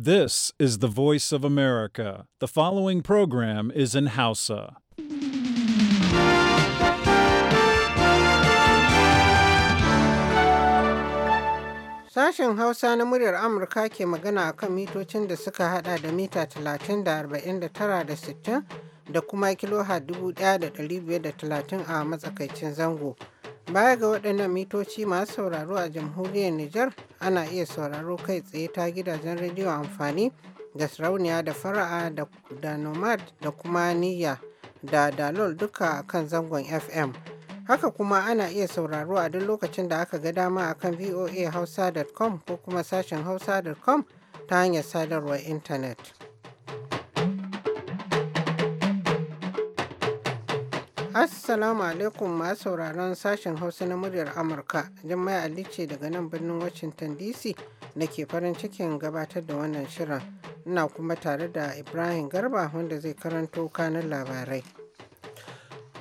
This is the voice of America. The following program is in Hausa. Sashen Hausa na muryar Amurka ke magana a kan mitocin da suka hada da mita 30 da 49 da 60 da kuma kilo 1530 a matsakaicin zango. Baya ga waɗannan mitoci masu sauraro a jamhuriyar Nijar ana iya sauraro kai tsaye ta gidajen rediyo amfani da sarauniya da fara'a da nomad da kuma niyya da dalol duka a kan zangon FM. Haka kuma ana iya sauraro a duk lokacin da aka ga dama a kan voahausa.com ko kuma sashen hausa.com ta hanyar sadarwar intanet. Assalamu alaikum masu sauraron sashen Hausa na muryar Amurka. Jummai Ali ce daga nan birnin Washington DC da ke farin cikin gabatar da wannan shirin. Ina kuma tare da Ibrahim Garba wanda zai karanto kanan labarai.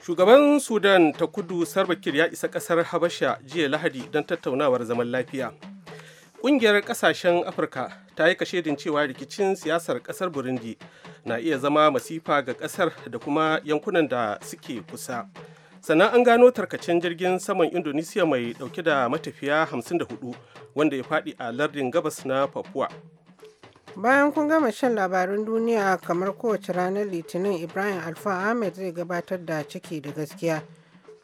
Shugaban Sudan ta kudu Sarbakir ya isa kasar Habasha jiya Lahadi don tattaunawar zaman lafiya. Ƙungiyar ƙasashen Afirka ta yi kashedin cewa rikicin siyasar ƙasar Burundi na iya zama masifa ga kasar da kuma yankunan da suke kusa sannan an gano tarkacen jirgin saman indonesia mai dauke da matafiya 54 wanda ya faɗi a lardin gabas na papua bayan kun gama shan labarun duniya kamar kowace ranar litinin ibrahim alfa ahmed zai gabatar da ciki da gaskiya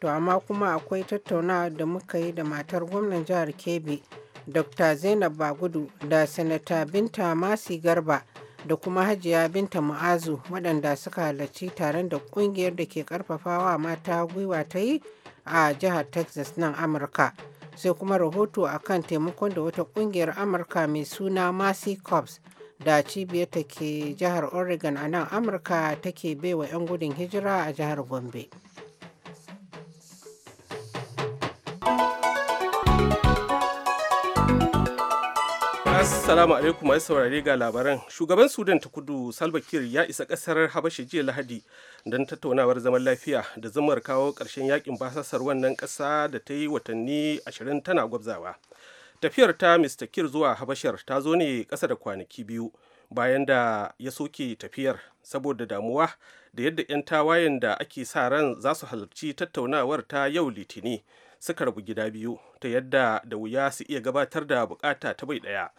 to amma kuma akwai tattaunawa da muka yi da matar gwamnan jihar kebbi dr zainab bagudu da sanata binta masi garba da kuma Hajiya Binta Mu'azu waɗanda suka halarci taron da ƙungiyar da ke ƙarfafawa mata gwiwa ta yi a jihar Texas nan Amurka. Sai kuma rahoto a kan taimakon da wata ƙungiyar Amurka mai suna masi cops da cibiyar ta ke jihar Oregon a nan Amurka take baiwa 'yan gudun hijira a jihar Gombe. Assalamu alaikum masu saurare ga labaran. Shugaban Sudan ta kudu Salva Kiir ya isa kasar Habasha jiya Lahadi don tattaunawar zaman lafiya da zumar kawo ƙarshen yakin basasar wannan ƙasa da ta yi watanni 20 tana gwabzawa. Tafiyar ta Mr. Kiir zuwa Habashar ta zo ne ƙasa da kwanaki biyu bayan da ya soke tafiyar saboda damuwa da yadda 'yan tawayen da ake sa ran za su halarci tattaunawar ta yau Litini suka rabu gida biyu ta yadda da wuya su iya gabatar da bukata ta bai ɗaya.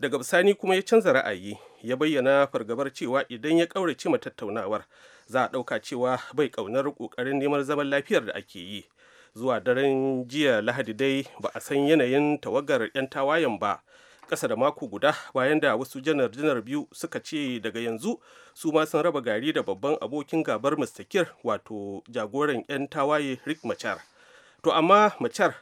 daga bisani kuma ya canza ra'ayi ya bayyana fargabar cewa idan ya ƙaurace ma tattaunawar za a ɗauka cewa bai ƙaunar ƙoƙarin neman zaman lafiyar da ake yi zuwa daren jiya lahadi dai ba a san yanayin tawagar 'yan tawayen ba ƙasa da mako guda bayan da wasu janar-janar biyu suka ce daga yanzu su ma sun raba gari da babban abokin gabar mr wato jagoran 'yan tawaye rick machar to amma machar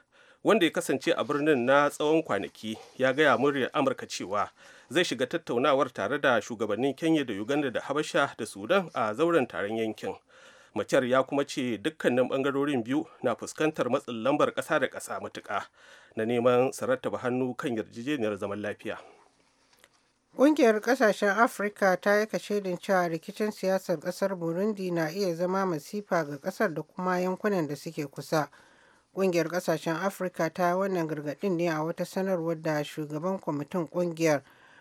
wanda ya kasance a birnin na tsawon kwanaki ya gaya muryar amurka cewa zai shiga tattaunawar tare da shugabannin kenya da uganda da habasha da sudan a zauren taron yankin macer ya kuma ce dukkanin bangarorin biyu na fuskantar matsin lambar kasa da kasa matuka na neman sarattaba hannu kan yarjejeniyar zaman lafiya Ƙungiyar ƙasashen Afirka ta yi kashedin cewa rikicin siyasar ƙasar Burundi na iya zama masifa ga ƙasar da kuma yankunan da suke kusa. Ƙungiyar ƙasashen Afirka ta wannan gargadin ne a wata sanarwar da shugaban kwamitin ƙungiyar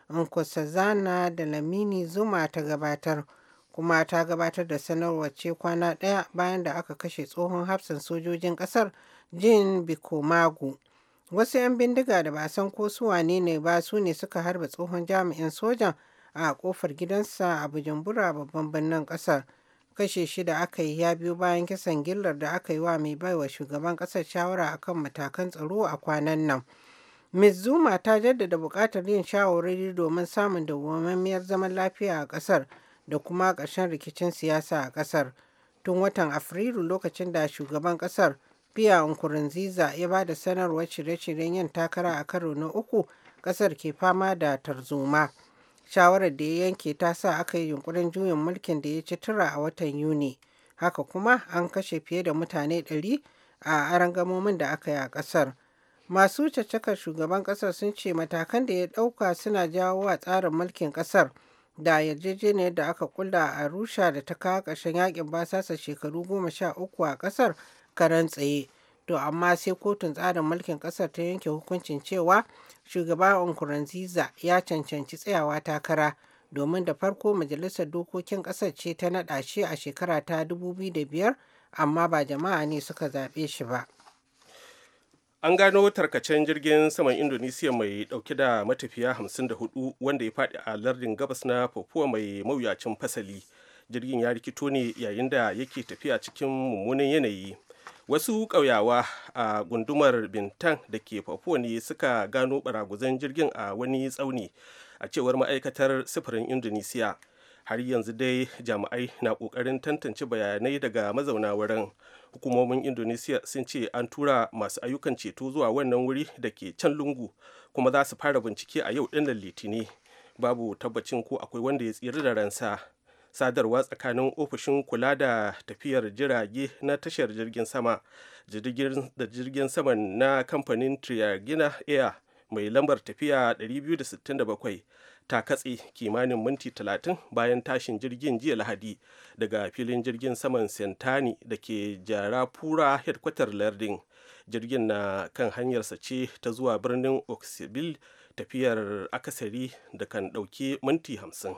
Nkosazana da Lamini Zuma ta gabatar, kuma ta gabatar da sanarwar ce kwana ɗaya bayan da aka kashe tsohon hafsan sojojin ƙasar jin Bikomagu. Wasu 'yan bindiga da ba san ko su wane ne ba su ne suka harba tsohon jami'in sojan a kofar gidansa a Bujumbura babban birnin ƙasar. kashe shi da aka yi ya biyo bayan kisan gillar da aka yi wa mai baiwa shugaban ƙasar shawara akan matakan tsaro a kwanan nan. Ms. Zuma ta jaddada buƙatar yin shawarwari domin samun dawwammamiyar zaman lafiya a ƙasar da kuma ƙarshen rikicin siyasa a ƙasar. Tun watan Afrilu lokacin da shugaban ƙasar Pierre Nkurunziza ya ba da sanarwar shirye-shiryen yin takara a karo na uku, ƙasar ke fama da tarzoma. Shawarar da ya yanke ta sa aka yi yunkurin juyin mulkin da ya ci tura a watan Yuni. Haka kuma an kashe fiye da mutane 100 a arangamomin da aka yi a ƙasar. Masu caccakar shugaban ƙasar sun ce matakan da ya ɗauka suna jawo wa tsarin mulkin ƙasar da yarjejeniyar da aka kulla a rusha da ta kawo ƙarshen yakin basasa shekaru goma sha uku a ƙasar karan tsaye. To amma sai kotun tsarin mulkin ƙasar ta yanke hukuncin cewa shugaba Nkurunziza ya cancanci tsayawa takara domin da farko majalisar dokokin ƙasar ce ta naɗa shi a shekara ta 2005 amma ba jama'a ne suka zaɓe shi ba. An gano tarkacen jirgin saman Indonesia mai ɗauke da matafiya 54 wanda ya faɗi a lardin gabas na Papua mai mawuyacin fasali. Jirgin ya rikito ne yayin da yake tafiya cikin mummunan yanayi. wasu ƙauyawa a gundumar bintan da ke papua ne suka gano baraguzan jirgin a wani tsauni a cewar ma'aikatar sifirin indonesiya har yanzu dai jami'ai na ƙoƙarin tantance bayanai daga mazauna wurin hukumomin indonesiya sun ce an tura masu ayyukan ceto zuwa wannan wuri da ke can lungu kuma za su fara bincike a yau ɗin litini babu tabbacin ko akwai wanda ya tsira da ransa sadarwa tsakanin ofishin kula da tafiyar jirage na tashar jirgin sama da jirgin sama na kamfanin Triagina Air mai lambar tafiya 267 ta katse kimanin minti 30 bayan tashin jirgin jiya Lahadi daga filin jirgin saman Sentani da ke Jarapura headquarter lardin. Jirgin na kan hanyarsa ce ta zuwa birnin oxyville tafiyar akasari da kan ɗauki minti 50.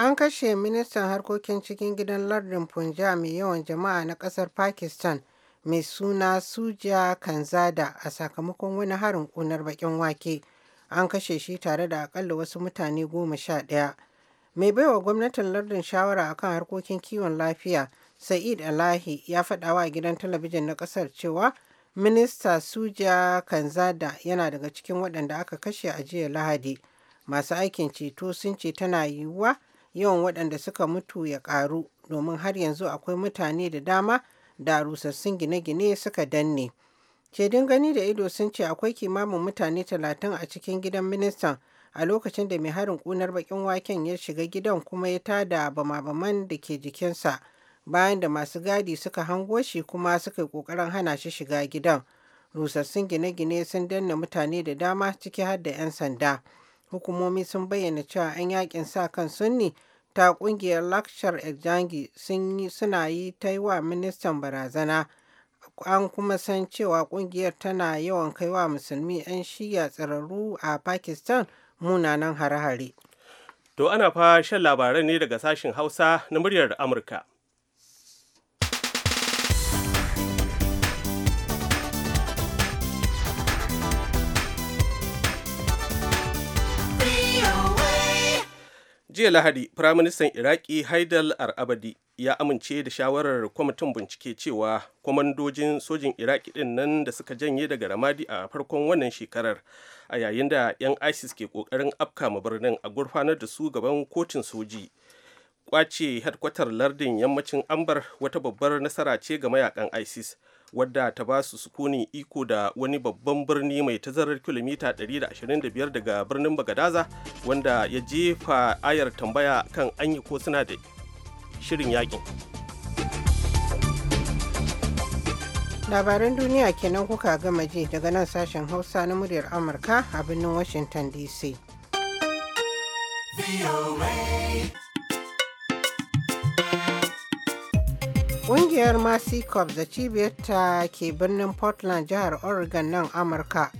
An kashe ministan harkokin cikin gidan lardin Punjab mai yawan jama'a na ƙasar Pakistan mai suna Suja Kanzada a sakamakon wani harin ƙunar baƙin wake. An kashe shi tare da akalla wasu mutane goma sha ɗaya. Mai baiwa gwamnatin lardin shawara a kan harkokin kiwon lafiya, Sa'id Alahi ya faɗa wa gidan talabijin na ƙasar cewa Minista Suja Kanzada yana daga cikin waɗanda aka kashe a jiya Lahadi. Masu aikin ceto sun ce tana yiwuwa yawan waɗanda suka mutu ya ƙaru domin har yanzu akwai mutane da dama da rusassun gine-gine suka danne. kedin gani da ido sun ce akwai kimamin mutane talatin a cikin gidan ministan a lokacin da mai harin ƙunar baƙin waken ya shiga gidan kuma ya tada bama-baman da ke jikinsa bayan da masu gadi suka hango shi kuma suka yi ƙoƙarin hana shi shiga gidan. Rusassun gine-gine sun danne mutane da dama ciki har da 'yan sanda. hukumomi sun bayyana cewa 'yan yakin sa kan sunni ta kungiyar lakshar yi suna yi ta yi wa ministan barazana an kuma san cewa kungiyar tana yawan kaiwa musulmi 'yan shiya tsararru a pakistan munanan hare-hare to ana fa shan labarai ne daga sashen hausa na muryar amurka jiya lahadi firaministan iraki haidal al-abadi ya amince da shawarar kwamitin bincike cewa kwamandojin sojin iraki din nan da suka janye daga ramadi a farkon wannan shekarar a yayin da 'yan isis ke kokarin ma birnin a gurfanar da su gaban kotun soji kwace hadkwatar lardin yammacin ambar wata babbar nasara ce ga mayakan isis wadda ta ba su sukunin iko da wani babban birni mai tazarar kilomita 125 daga birnin bagadaza wanda ya jefa ayar tambaya kan an yi ko suna da shirin yakin labaran duniya kenan kuka gama ji daga nan sashen hausa na muryar amurka a birnin washington dc Ƙungiyar Mercy da cibiyarta ke birnin Portland jihar Oregon nan Amurka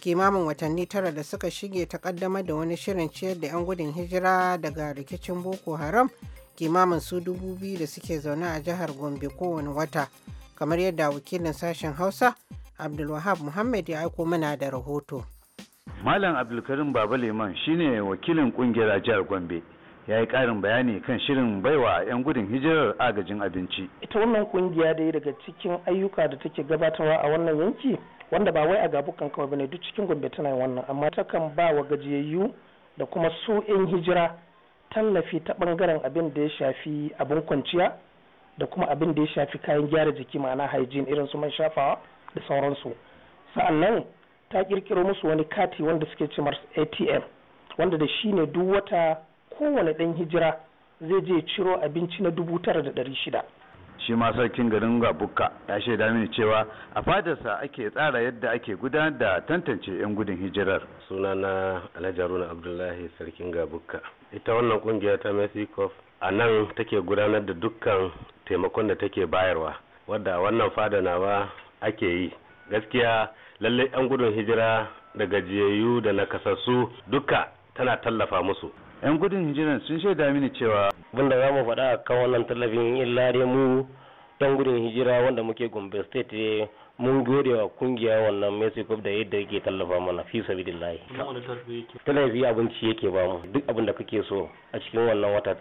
kimamin watanni tara da suka shige ta kaddamar da wani shirin ciyar da 'yan gudun hijira daga rikicin Boko Haram kimamin su dubu biyu da suke zaune a jihar Gombe kowane wata kamar yadda wakilin sashen Hausa Abdulwahab Muhammad ya aiko mana da rahoto. Malam Abdulkarim Baba Liman shine wakilin kungiyar a jihar Gombe. ya yi ƙarin bayani kan shirin baiwa 'yan gudun hijirar agajin abinci. Ita wannan kungiya dai daga cikin ayyuka da take gabatarwa a wannan yanki wanda ba wai a gabukan kawai bane duk cikin gombe tana wannan amma takan ba wa gajiyayyu da kuma su 'yan hijira tallafi ta bangaren abin da ya shafi abin kwanciya da kuma abin da ya shafi kayan gyara jiki ma'ana hygiene irin su man shafawa da sauransu sa'annan ta kirkiro musu wani kati wanda suke ce atm wanda da shi ne duk wata kowane ɗan hijira zai je ciro abinci na dubu tara da ɗari shida shi ma sarkin garin gabuka ya shaida mini cewa a fadarsa ake tsara yadda ake gudanar da tantance 'yan gudun hijirar Suna na alhaji haruna abdullahi sarkin gabuka ita wannan kungiya ta mexico a nan take gudanar da dukkan taimakon da take bayarwa wadda wannan fada nawa ake yi gaskiya lallai 'yan gudun hijira da gajiyayyu da nakasassu duka tana tallafa musu 'yan gudun hijiran sun shaida mini cewa abinda za mu faɗa a kan wannan tallafin illa dai mu 'yan gudun hijira wanda muke gombe state mun gode wa kungiya wannan mexico da yadda yake tallafa mana fi sabidillahi tallafi abinci yake ba mu duk abin kake so a cikin wannan wata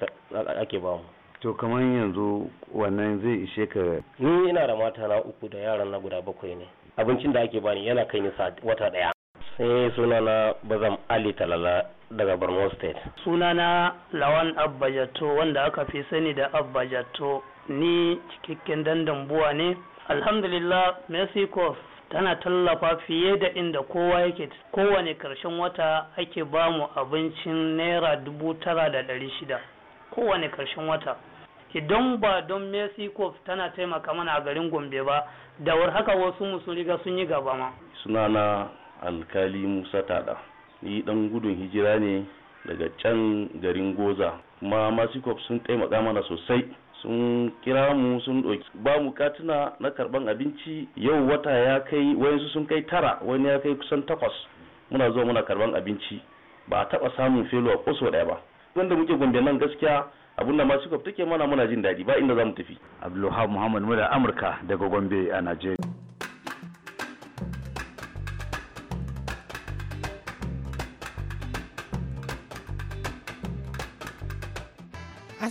ake ba mu to kamar yanzu wannan zai ishe ka ni ina da mata na uku da yaran na guda bakwai ne abincin da ake bani yana kai ni wata daya eh sunana bazam ali talala daga borno state sunana lawan abba Jato, wanda aka fi sani da abba Jato, ni cikakken dandan buwa ne alhamdulillah mexico tana tallafa fiye da inda kowa yake kowane karshen wata ake bamu abincin naira dubu tara da ɗari shida kowane karshen wata idan ba don mexico tana taimaka mana a garin gombe ba da war haka wasu mu sun riga sun yi gaba ma sunana alkali musa tada ni dan gudun hijira ne daga can garin goza kuma kwaf sun taimaka mana sosai sun kira mu sun ɗauki ba mu katina na karban abinci yau wata ya kai wayansu sun kai tara wani ya kai kusan takwas muna zuwa muna karban abinci ba a taɓa samun felo a koso ɗaya ba wanda muke gombe nan gaskiya abinda masikop take mana muna jin daɗi ba inda za mu tafi abdulhab muhammad muda amurka daga gombe a najeriya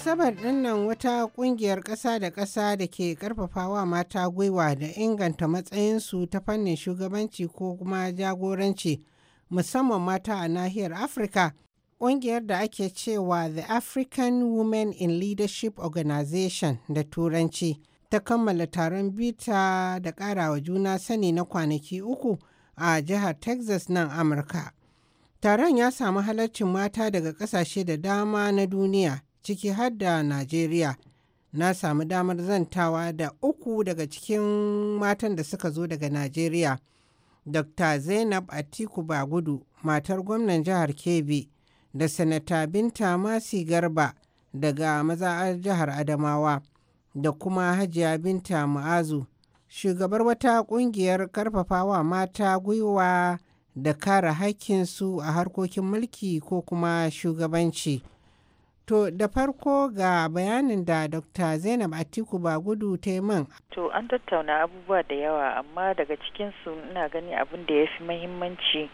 Asabar dinnan wata kungiyar ƙasa da ƙasa da ke ƙarfafawa mata gwiwa da inganta matsayinsu ta fannin shugabanci ko kuma jagoranci musamman mata a nahiyar Afirka. Kungiyar da ake cewa The African Women in Leadership Organization da Turanci ta kammala taron bita da ƙarawa juna sani na kwanaki uku a jihar Texas nan Amurka. Taron ya samu halarcin mata daga ƙasashe da dama na duniya ciki har da Najeriya. Na samu damar zantawa da uku daga cikin matan da suka zo daga Najeriya. Dr. Zainab Atiku Bagudu, matar gwamnan jihar Kebbi, da Sanata Binta Masi Garba daga maza'ar jihar Adamawa, da kuma Hajiya Binta Mu'azu, shugabar wata ƙungiyar ƙarfafawa mata gwiwa da kare haƙƙinsu a harkokin mulki ko kuma shugabanci. To da farko ga bayanin da Dr. Zainab Atiku ba gudu ta yi man. To an tattauna abubuwa da yawa amma daga cikinsu ina gani abin da ya fi mahimmanci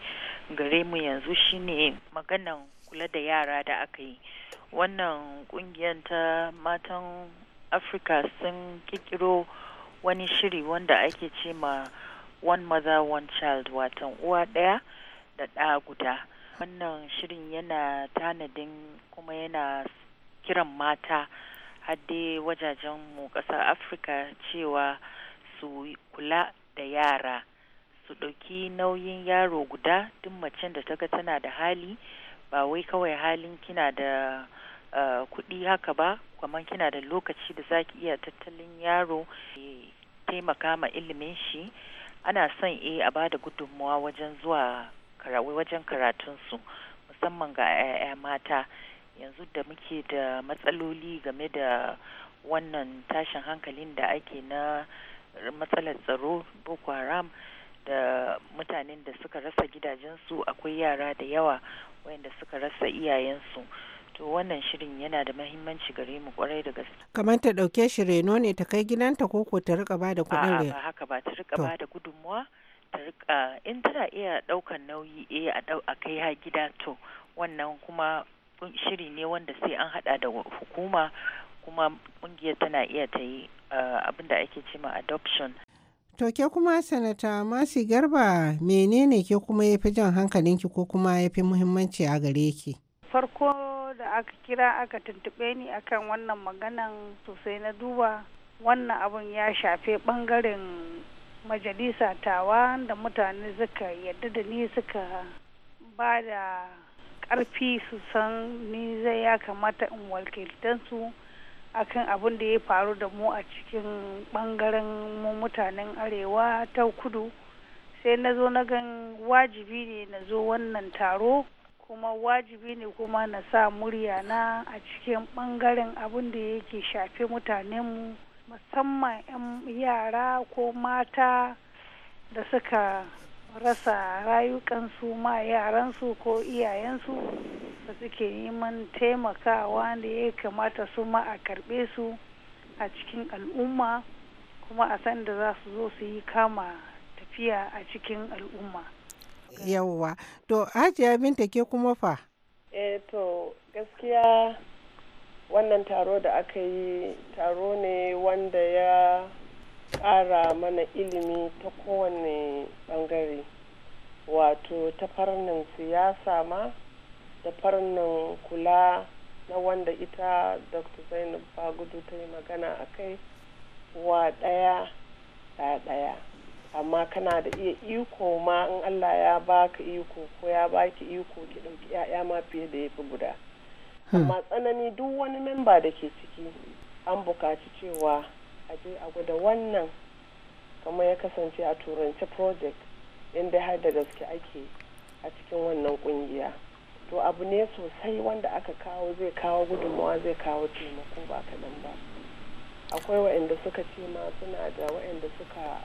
gare mu yanzu shine maganan kula da yara da aka yi. Wannan kungiyar ta matan Afirka sun kikiro wani shiri wanda ake ce ma One Mother One Child watan uwa ɗaya da ɗa guda. wannan shirin yana tanadin kuma yana kiran mata hadde wajajen mu kasar afirka cewa su kula da yara su ɗauki nauyin yaro guda duk macen da ta ga tana da hali ba wai kawai halin kina da uh, kuɗi haka ba kuma kina da lokaci da zaki iya tattalin yaro taimaka ma ilimin shi ana son e a ba da gudunmuwa wajen zuwa wajen karatunsu musamman ga 'ya'ya mata yanzu da muke da matsaloli game da wannan tashin hankalin da ake na matsalar tsaro boko haram da mutanen da suka rasa gidajensu akwai yara da yawa wayanda suka rasa iyayensu to wannan shirin yana da mahimmanci gare mu kwarai da gaske kamar ta dauke shi reno ne ta kai gidanta ko ko ta rika ba da kuɗin ba haka ba ta rika ba da gudunmuwa ta in tana iya daukan nauyi eh a kai ha gida to wannan kuma shiri ne wanda sai an hada da hukuma kuma kungiyar tana iya ta yi eh, abin da ake cema adoption to ke kuma sanata masu garba menene ke kuma ya fi jan hankalinki ko kuma ya fi muhimmanci a gare ki farko da aka kira aka tuntube ni akan wannan maganan sosai na duba wannan abun ya shafe bangaren majalisa tawa da mutane suka yadda da ni suka ba da ƙarfi su san ni zai ya kamata in su akan abin da ya faru da mu a cikin ɓangaren mu mutanen arewa ta kudu sai na zo na gan wajibi ne na zo wannan taro kuma wajibi ne kuma na sa murya na a cikin ɓangaren abin da yake shafe mutanenmu musamman 'yan yara ko mata da suka rasa rayukansu ma yaransu ko iyayensu da suke neman taimakawa da ya kamata su ma a karɓe su a cikin al'umma kuma a san da za su zo su yi kama tafiya a cikin al'umma. yawwa to hajiya binta ke kuma fa? eh to gaskiya wannan taro da aka yi taro ne wanda ya ƙara mana ilimi ta kowane ɓangare wato ta farnin siyasa ma da farnin kula na wanda ita dr zainab bagudu ta yi magana a kai wa ɗaya ɗaya daya amma kana da iya iko ma in allah ya baka iko ko ya baki iko ki ɗauki 'ya'ya ma fiye da ya fi guda Hmm. amma tsanani duk wani memba da ke ciki an bukaci cewa a je a gwada wannan kamar ya kasance a turance project inda har da gaske ake a cikin wannan kungiya to abu ne sosai wanda aka kawo zai kawo gudunmawa zai kawo taimako ba kaɗan ba akwai waɗanda suka ce ma suna da waɗanda suka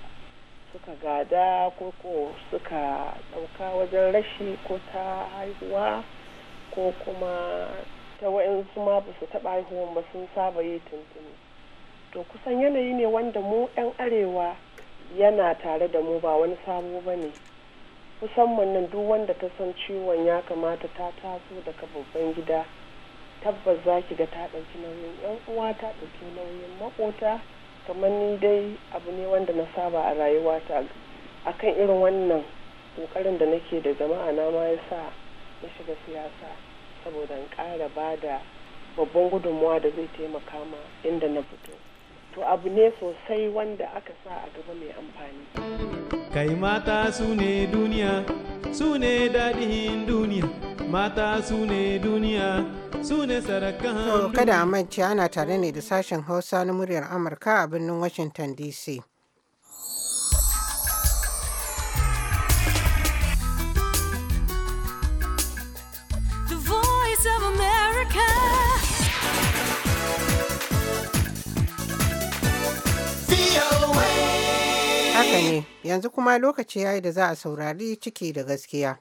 suka gada ko ko suka ɗauka wajen rashi ko ta haihuwa ko kuma ta wa'insu ma ba su taɓa haihuwan ba sun saba yi tuntuni to kusan yanayi ne wanda mu 'yan arewa yana tare da mu ba wani sabo ba ne musamman nan duk wanda ta san ciwon ya kamata ta taso daga babban gida tabbas za ki ga ta ɗauki nauyin yan uwa ta ɗauki nauyin makota kamar ni dai abu ne wanda na saba a rayuwata akan irin wannan ƙoƙarin da nake da jama'a na ma ya sa na shiga siyasa saboda in ƙara ba da babban gudunmuwa da zai taimaka ma inda na fito to abu ne sosai wanda aka sa a gaba mai amfani kai mata su ne duniya su ne daɗin duniya mata su ne duniya su ne sarakan kada a ana tare ne da sashen hausa na muryar amurka a birnin washington dc Haka ne, yanzu kuma lokaci yayi da za a saurari ciki da gaskiya.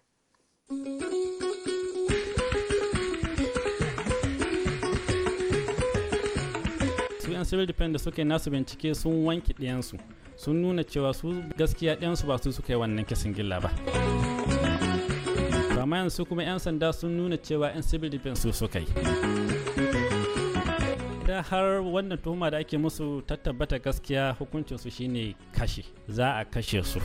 su 'yan civil defense da suke nasu bincike sun wanki ɗiyansu sun nuna cewa su gaskiya ɗiyansu ba su suka yi wannan kisan gilla ba. amma yanzu kuma 'yan sanda sun nuna cewa 'yan civil defense su suka yi da har wannan tuhuma da ake musu ta tabbata gaskiya hukuncinsu shine kashe za a kashe su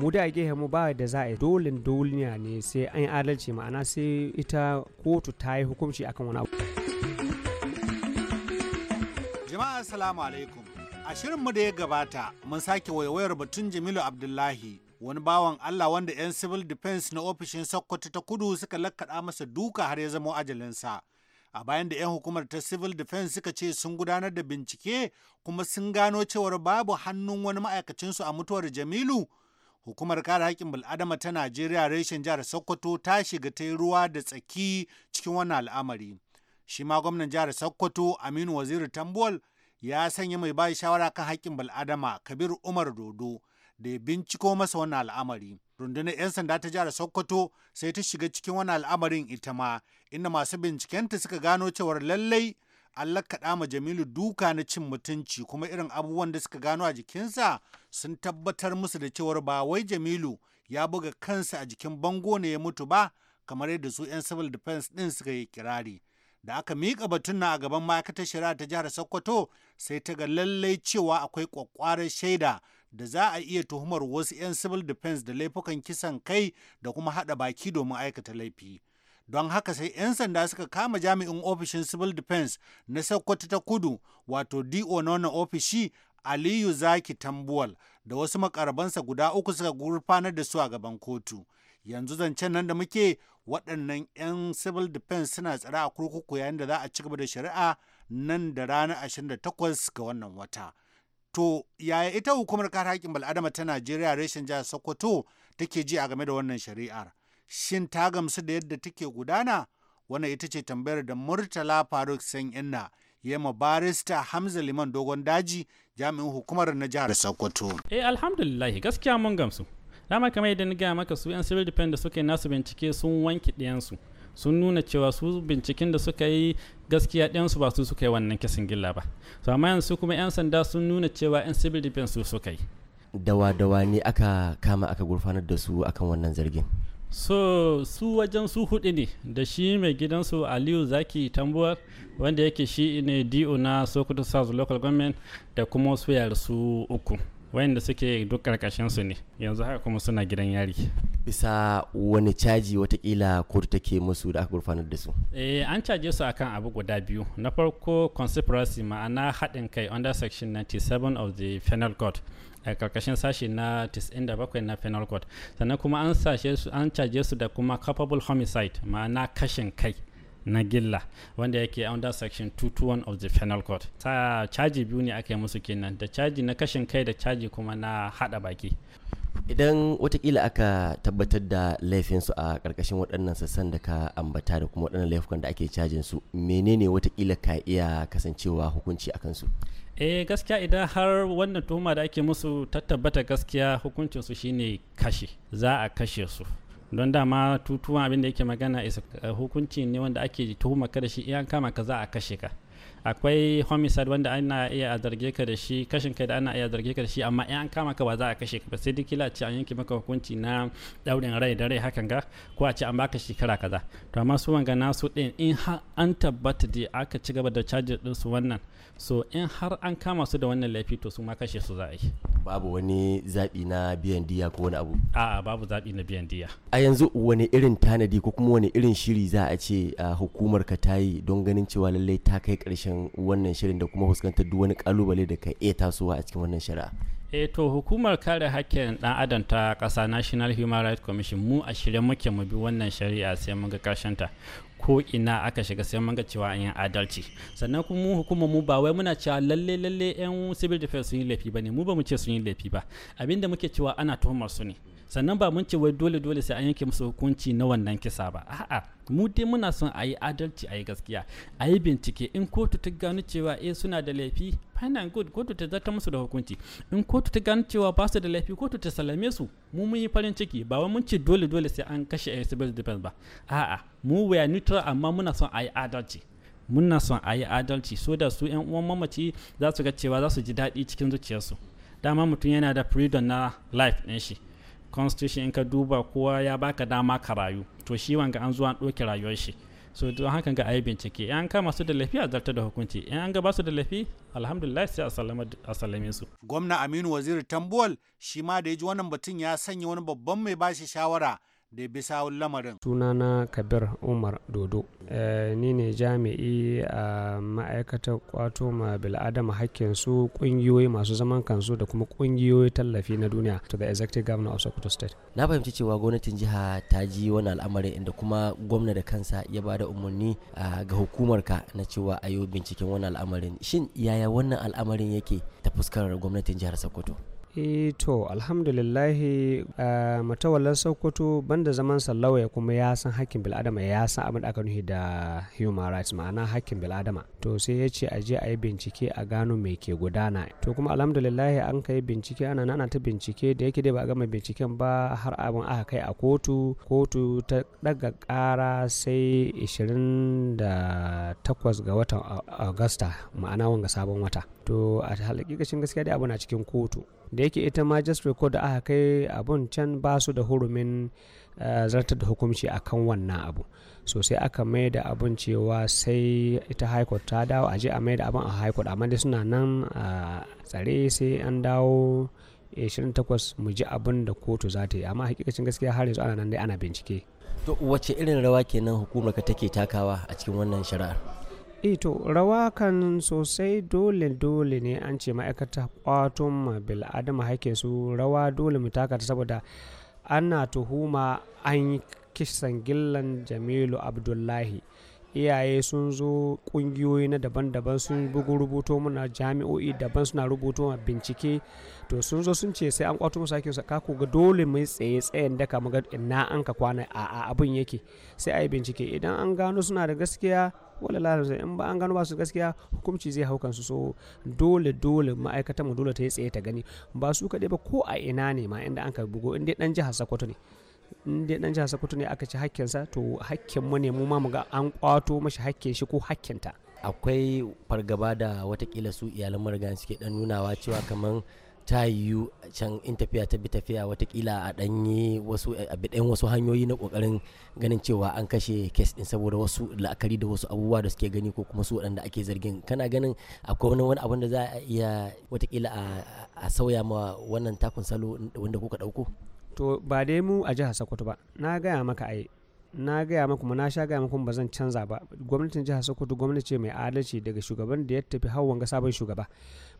mu da ake mu ba da za a yi dolin duniya ne sai an yi adalci ma'ana sai ita kotu ta yi hukunci akan wani abu jama'a assalamu alaikum a shirin mu da ya gabata mun sake waiwayar batun jamilu abdullahi wani bawan Allah wanda 'yan civil defense na ofishin Sokoto ta kudu suka lakkaɗa masa duka har ya zama ajalinsa. A bayan da 'yan hukumar ta civil defense suka ce sun gudanar da bincike kuma sun gano cewar babu hannun wani ma'aikacinsu a mutuwar Jamilu. Hukumar kare haƙƙin bil'adama ta Najeriya reshen jihar Sokoto ta shiga ta ruwa da tsaki cikin wannan al'amari. Shi ma gwamnan jihar Sokoto Aminu Waziri Tambuwal ya sanya mai bayi shawara kan haƙƙin bil'adama Kabir Umar Dodo. da ya binciko masa wannan al'amari. Rundunar 'yan sanda ta jihar Sokoto sai ta shiga cikin wani al'amarin ita ma, inda masu bincikenta suka gano cewar lallai Allah kaɗa ma Jamilu duka na cin mutunci kuma irin abubuwan da suka gano a jikinsa sun tabbatar musu da cewar ba wai Jamilu ya buga kansa a jikin bango ne ya mutu ba kamar yadda su 'yan civil defense ɗin suka yi kirari. Da aka miƙa batun na a gaban ma'aikatar shari'a ta jihar Sokoto sai ta ga lallai cewa akwai ƙwaƙƙwarar shaida da za a iya tuhumar wasu 'yan civil defense da laifukan kisan kai da kuma haɗa baki domin aikata laifi. Don haka sai 'yan sanda suka kama jami'in ofishin civil defense na Sokoto ta kudu wato D.O. Nona ofishi Aliyu Zaki Tambuwal da wasu makarabansa guda uku suka gurfanar da su a gaban kotu. Yanzu zancen nan da muke waɗannan 'yan civil defense suna tsare a kurkuku yayin da za a ci gaba da shari'a nan da ranar 28 ga wannan wata. To yaya ita hukumar kare haƙƙin bal'adama ta Najeriya reshen jihar Sokoto take ji a game da wannan shari'ar? Shin ta gamsu da yadda take gudana? Wannan ita ce tambayar da Murtala Faruk san inna ya ma barista Hamza Liman Dogon Daji jami'in hukumar na jihar Sokoto. Eh alhamdulillahi gaskiya mun gamsu. Dama kamar yadda na gaya maka su 'yan civil defense da suka nasu bincike sun wanke ɗayansu. sun nuna cewa su binciken da suka yi gaskiya yansu ba su suka yi wannan kisan gilla ba to amma yanzu kuma 'yan sanda sun nuna cewa 'yan civil defense su suka yi dawa-dawa ne aka kama aka gurfanar da su akan wannan zargin so su wajen su hudu ne da shi mai gidansu aliyu zaki tambuwar wanda yake shi ne do na sokoto south local government da kuma su yara su uku wayanda suke duk karkashin su ne yanzu haka kuma suna gidan yari bisa wani caji watakila kotu take musu da aka gurfanar da su eh an caje su akan abu guda biyu na farko conspiracy ma'ana haɗin kai under section 97 of the penal code a karkashin sashi na 97 na penal code sannan kuma an caje su da kuma culpable homicide ma'ana kashin kai na gilla wanda yake under section 221 of the penal code ta caji biyu ne aka yi musu kenan da caji na kashin kai da caji kuma na hada baki idan watakila aka tabbatar da laifinsu a karkashin waɗannan sassan da ka ambata da kuma waɗannan laifukan da ake cajin su menene watakila ka iya kasancewa hukunci a kansu eh gaskiya idan har wannan tuhuma da ake musu ta tabbata gaskiya hukuncinsu shine kashe za a kashe su don dama tutuwan abin da yake magana is eh, hukunci ne wanda ake tuhuma ka da shi iyan kama ka za a kashe ka akwai homicide wanda ana iya a zarge ka da shi kashin kai da ana iya zarge ka da shi amma in kama ka ba za a kashe ka ba sai duk an yanke maka hukunci na daurin rai da rai hakan ga ko a ce an baka shekara kaza to amma su wanga su din in har an tabbata da aka ci gaba da charges din su wannan so in har an kama su da wannan laifi to su ma kashe su za a yi babu wani zaɓi na biyan diya ko wani abu a'a babu zaɓi na biyan diya a yanzu wani irin tanadi ko kuma wani irin shiri za a ce a hukumar ka ta yi don ganin cewa lallai ta kai ƙarshen wannan shirin da kuma fuskantar duk wani ƙalubale da ka iya tasowa a cikin wannan shari'a e to hukumar kare hakkin dan adam ta kasa national human rights commission mu a shirye muke mu bi wannan shari'a sai mun ga ta ko ina aka shiga sai mun ga cewa an yi adalci sannan kuma mu hukumar mu ba wai muna cewa lalle lalle yan civil defense sun yi laifi bane mu ba mu ce sun yi laifi ba abinda muke cewa ana tuhumar su ne sannan ba mun ce wai dole dole sai an yanke musu hukunci na wannan kisa ba a'a mu dai muna son a yi adalci a yi gaskiya a yi bincike in kotu ta gano cewa eh suna da laifi fine and good kotu ta zata musu da hukunci in kotu ta gano cewa ba su da laifi kotu ta salame su mu mun yi farin ciki ba wai mun ce dole dole sai an kashe a civil defense ba a'a mu we neutral amma muna son a yi adalci muna son a yi adalci so da su yan uwan mamaci za su ga cewa za su ji daɗi cikin zuciyarsu dama mutum yana da freedom na life ɗin shi constitution in ka duba kowa ya baka dama ka rayu to shi wanga an zuwa an ɗauki rayuwar shi so don hakan ga ayi bincike in ka masu da lafiya a zartar da hukunci in an ga basu da lafi alhamdulillah sai a sallame su gwamna aminu waziri tambuwal shi ma da ya ji wannan batun ya sanya wani babban mai bashi shawara da bisa lamarin. Sunana Kabir Umar Dodo. Eh, ni ne jami'i a ma'aikatar kwato ma bil'adama hakkin su kungiyoyi masu zaman kansu da kuma kungiyoyi tallafi na duniya to the executive governor of Sokoto state. Na fahimci cewa gwamnatin jiha ta ji wani al'amarin inda kuma gwamna da kansa ya ba da umarni ga hukumar ka na cewa a yi binciken wani al'amarin. Shin yaya wannan al'amarin yake ta fuskar gwamnatin jihar Sokoto? E, to alhamdulillahi uh, matawalar sokoto banda zaman ya kuma ya san hakkin bil'adama ya san abin da aka nuhi da human rights ma'ana hakkin bil'adama to sai ya ce a je a yi bincike a gano me ke gudana to kuma alhamdulillahi an kai bincike ana nana ta bincike da yake dai ba a gama binciken ba har abin aka kai a kotu kotu ta daga kara sai 28 ga watan agusta ma'ana wanga sabon wata to a halakikacin gaskiya dai abu na cikin kotu da yake ita ma just record da aka kai abun can ba su da hurumin eh, zartar da hukunci kan wannan abu so sai aka mai da abun cewa sai ita high court ta dawo aje a mai da abun a high court amma dai suna nan a tsare sai an dawo 28 eh, mu ji abun da kotu za ta yi amma hakikacin gaskiya har yanzu ana nan dai ana bincike to wace irin rawa kenan hukumar ka take takawa a cikin wannan shari'ar ito eh rawa kan sosai dole dole ne an ce ma'aikata kwatun ma bil adama haike su rawa dole mu takata, saboda ana tuhuma an yi kisan gillan jamilu abdullahi iyaye sun zo kungiyoyi na daban-daban sun bugu rubuto muna jami'o'i daban suna rubuto ma bincike to sun zo sun ce sai an kwato musu ake saka ku ga dole mai tsaye tsayen daka mu ga ina an ka kwana a abin yake sai a yi bincike idan an gano suna da gaskiya wala lalata in ba an gano ba su gaskiya hukumci zai hau kansu so dole dole ma'aikatan mu dole ta yi tsaye ta gani ba su kaɗai ba ko a ina ne ma inda an ka bugo inda dan jihar Sokoto ne in dan jihar Sokoto ne aka ci sa to hakkin mu ne mu ma mu ga an kwato mashi hakkin shi ko ta akwai fargaba da watakila su iyalan marigan suke dan nunawa cewa kaman ta yiwu can in tafiya ta bi tafiya watakila a ɗanyi wasu bi wasu hanyoyi na ƙoƙarin ganin cewa an kashe kes ɗin saboda wasu la'akari da wasu abubuwa da suke gani ko kuma su waɗanda ake zargin kana ganin akwai wani wani abin da za a iya watakila a sauya ma wannan takun salo wanda kuka ɗauko to ba dai mu a jihar sokoto ba na gaya maka ai na gaya muku na sha gaya muku ba zan canza ba gwamnatin jihar sokoto gwamnati ce mai adalci daga shugaban da ya tafi hawan ga sabon shugaba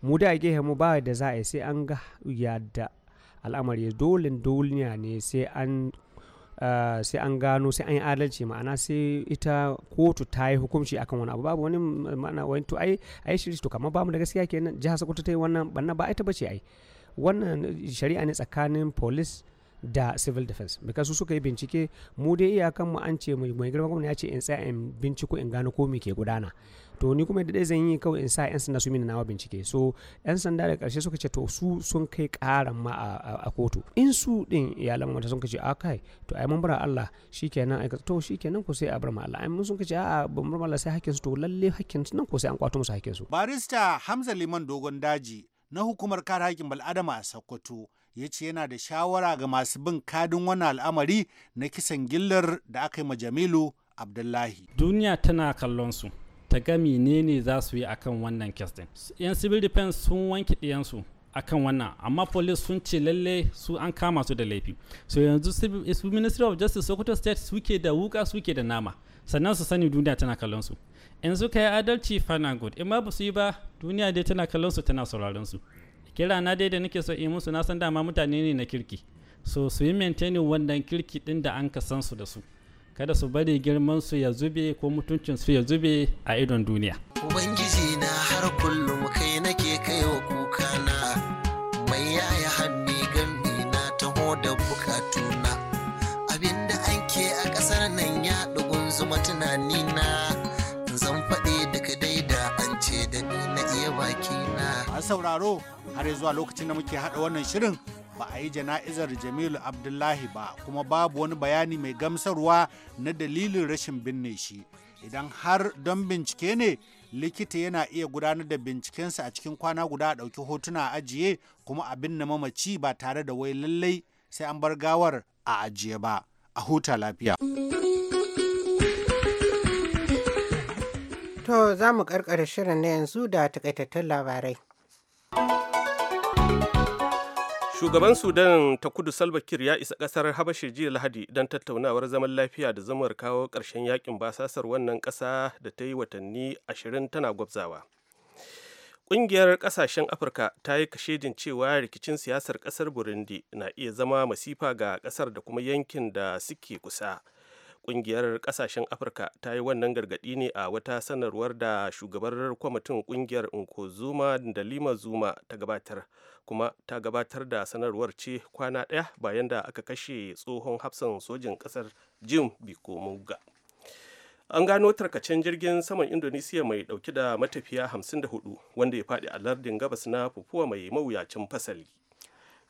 mu da a gehe mu ba da za a yi sai an ga yadda al'amari dole duniya ne sai an ah, sai an gano sai an yi adalci ma'ana sai ita kotu ta yi hukunci akan wani abu babu wani ma'ana wani to ai ai shiri to kamar bamu da gaskiya kenan jihar sokoto ta yi wannan banna ba ita bace ai wannan shari'a ne tsakanin police da civil defense because su suka yi bincike mu dai iyakan mu an ce mai girma kuma ya ce in tsaya in binciko in gano ko me ke gudana to ni kuma da zan yi kawai in sa yan sanda su mini nawa bincike so yan sanda da karshe suka ce to su sun kai karan ma a kotu in su din iyalan mata sun kace kai to ai mun bara Allah shikenan ai to shikenan ko sai a bar ma Allah ai mun sun kace a ban bar Allah sai hakkin su to lalle hakkin su nan ko sai an kwato musu hakkin su barista Hamza Liman Dogon Daji na hukumar kare hakkin bal'adama a Sokoto ya ce yana da shawara ga masu bin kadin wannan al'amari na kisan gillar da aka yi ma jamilu abdullahi duniya tana kallon su ta ga menene za su yi akan wannan kes yan civil defense sun wanke ɗiyansu akan wannan amma police sun ce lalle su an kama su da laifi so yanzu eh, su ministry of justice sokoto state suke da wuka suke da nama sannan su sani duniya tana kallon su in suka yi adalci fana good in ma ba su yi ba duniya dai tana kallon su tana sauraron su kira na dai da nake so in musu na san dama mutane ne na kirki so su yi maintaining wannan kirki din da an san su da su kada su bari girman su ya zube ko mutuncin su ya zube a idon duniya ubangiji na har kullum kai nake kai wa kuka na mai yaya hannu gambi na taho da bukatuna abinda an ke a kasar nan ya dugun zuma tunani na masu sauraro har zuwa lokacin da muke haɗa wannan shirin ba a yi jana'izar jamilu abdullahi ba kuma babu wani bayani mai gamsarwa na dalilin rashin binne shi idan har don bincike ne likita yana iya gudanar da bincikensa a cikin kwana guda a ɗauki hotuna a ajiye kuma a binne mamaci ba tare da wai lallai sai an bar gawar a ajiye ba a huta lafiya. To za mu karkare shirin na yanzu da takaitattun labarai. Shugaban Sudan ta kudu Salva Kiir ya isa kasar habashi jiya Lahadi don tattaunawar zaman lafiya da zamar kawo ƙarshen yakin basasar wannan ƙasa da ta yi watanni ashirin tana gwabzawa. Ƙungiyar ƙasashen Afirka ta yi kashedin cewa rikicin siyasar ƙasar Burundi na iya zama masifa ga ƙasar da kuma yankin da suke kusa. kungiyar kasashen afirka ta yi wannan gargadi ne a wata sanarwar da shugabar kwamitin kungiyar nkozuma da lima zuma ta gabatar kuma ta gabatar da sanarwar ce kwana ɗaya bayan da aka kashe tsohon hafsan sojin kasar jim bikomuga an gano tarkacen jirgin saman indonesiya mai ɗauke da matafiya 54 wanda ya faɗi a lardin gabas na fufuwa mai mawuyacin fasali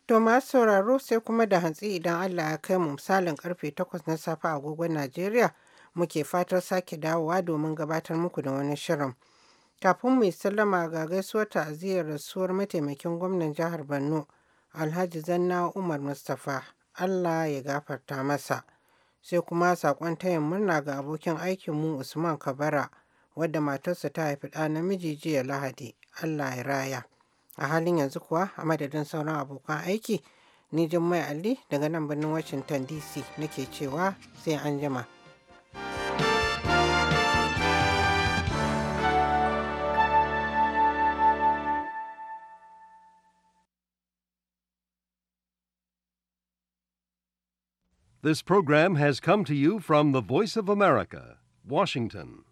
To masu sauraro sai kuma da hantsi idan Allah ya kai mu misalin karfe 8 na safe a agogon Najeriya muke fatar sake dawowa domin gabatar muku da wani shirin. Kafin mu sallama ga gaisuwar ta'aziyar rasuwar mataimakin gwamnan jihar Borno Alhaji Zanna Umar Mustapha Allah ya gafarta masa. Sai kuma saƙon tayin murna ga abokin aikin mu Usman Kabara wadda matarsa ta haifi ɗa namiji jiya Lahadi. Allah ya raya. A halin yanzu kuwa a madadin sauran abokan aiki ni Jummai Ali daga nan birnin Washington DC nake cewa sai an jima. This program has come to you from the Voice of America, Washington.